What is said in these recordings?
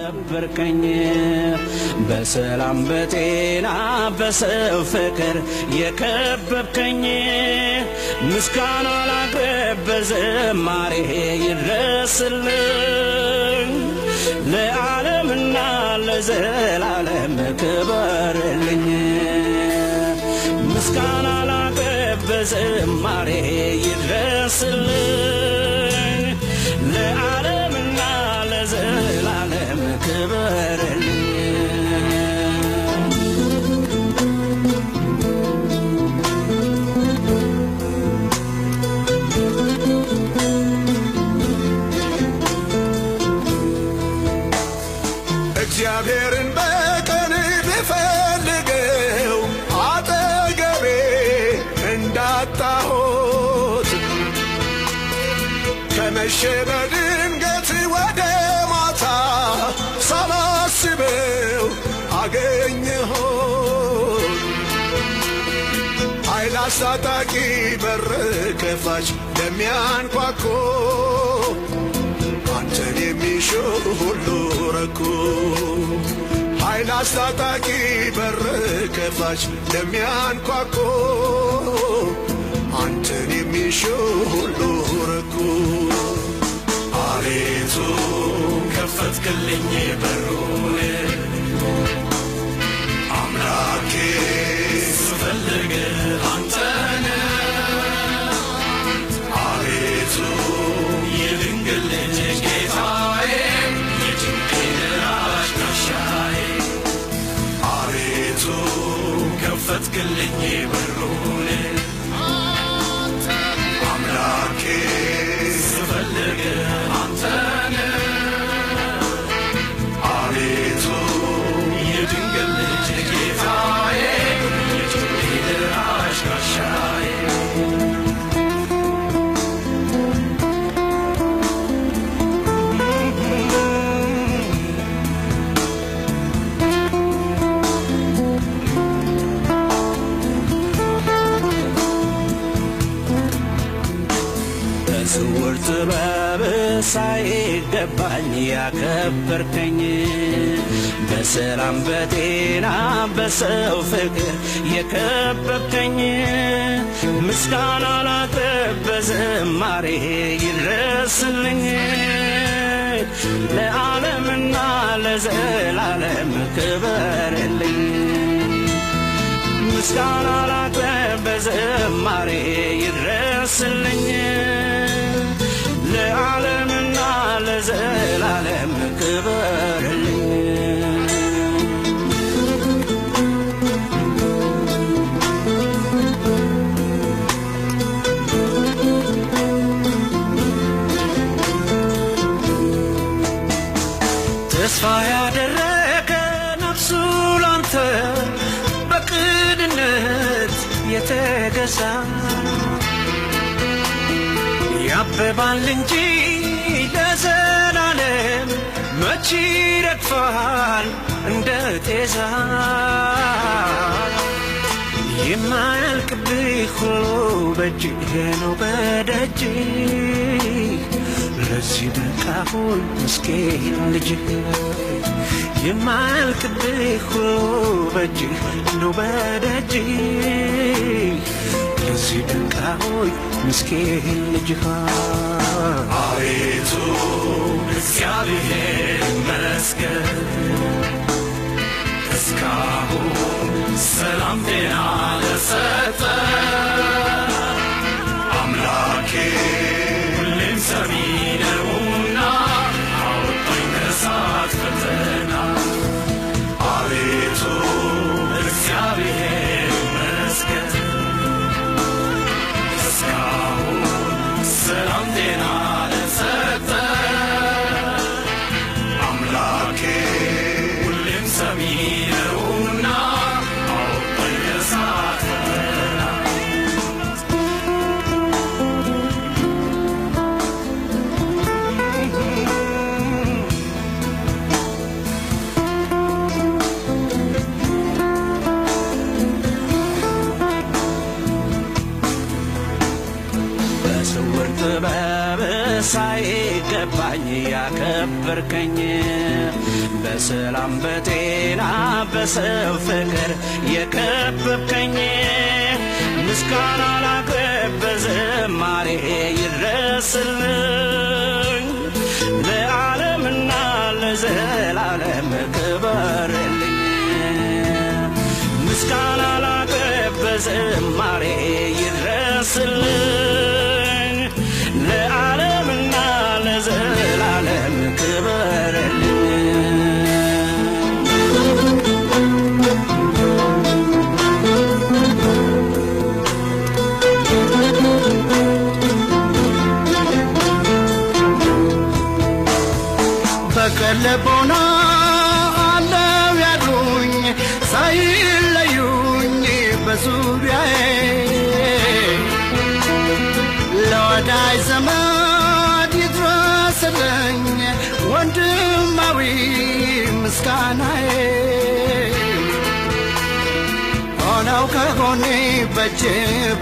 ነበርከኝ በሰላም በጤና በሰው ፍቅር የከበብከኝ ምስጋና ላቅርብ በዝማሬ ይድረስልኝ ለዓለምና ለዘላለም ክበርልኝ ምስጋና ላቅርብ በዝማሬ ይድረስልኝ መልሼ በድንገት ወደ ማታ ሳላስበው አገኘሆ ኃይል አስታጣቂ በር ከፋች ለሚያንኳኮ አንተን የሚሽው ሁሉ ረኩ ኃይል አስታጣቂ በር ከፋች ለሚያንኳኮ አንተን የሚሽው ሁሉ ረኩ አቤቱ ከፈትክልኝ በሩን አምላኬ ስፈልግ አንተነ አቤቱ የድንግልጅ ጌታዬ የጭንቄ ደራሽ ጋሻዬ አቤቱ ከፈትክልኝ በ ይገባኝ ያከበርከኝ በሰላም በጤና በሰው ፍቅር የከበብከኝ ምስጋና ላቅርብ በዝማሬ ይድረስልኝ ለዓለምና ለዘላለም ክበርልኝ ምስጋና ላቅርብ በዝማሬ ይድረስልኝ ለዘላለም ክበርልኝ ተስፋ ያደረገ ነፍሱ ላንተ በቅንነት የተገዛ ያብባል እንጂ ለዘላለም መች ይረግፋል እንደ ጤዛ የማያልቅብህ ሁሉ በእጅህ ነው በደጅ ለዚህ ምስኪን ልጅ የማያልቅብህ ሁሉ በእጅህ ነው በደጅ ለዚህ ምስኪን አቤቱ እግዚአብሔር ይመስገን እስካሁን ሰላም ጤና ለሰጠን ስውር ጥበብ ሳይገባኝ ያከበርከኝ በሰላም በጤና በሰው ፍቅር የከበብከኝ ምስጋና ላቅርብ በዝማሬ ይድረስልኝ ለዓለምና ለዘላለም ክበርልኝ ምስጋና ላቅርብ በዝማሬ ይድረስልኝ ዙሪያዬ ለወዳይ ዘመድ ይድረስልኝ ወንድማዊ ምስጋናዬ ሆነው ከጎኔ በእጅ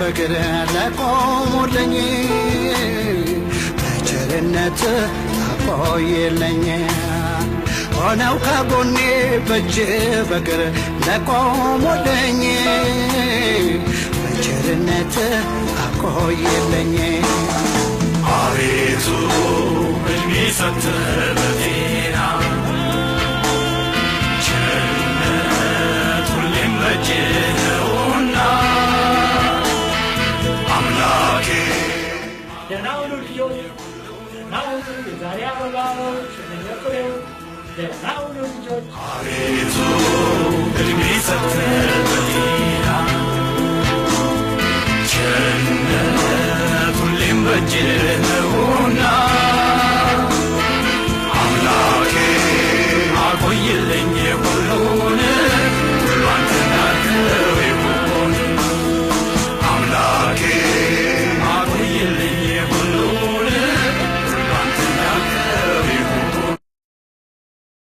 በግር ለቆሙልኝ በቸርነት አቆየለኝ ሆነው ከጎኔ በእጅ በግር ለቆሙልኝ በቸርነት አቆየለኝ አቤቱ እድሜ ሰጥተህ ለሳውሎ ልጆች አቤቱ እድሜ ሰጥተህ ቸርነት ሁሌም በእጅህ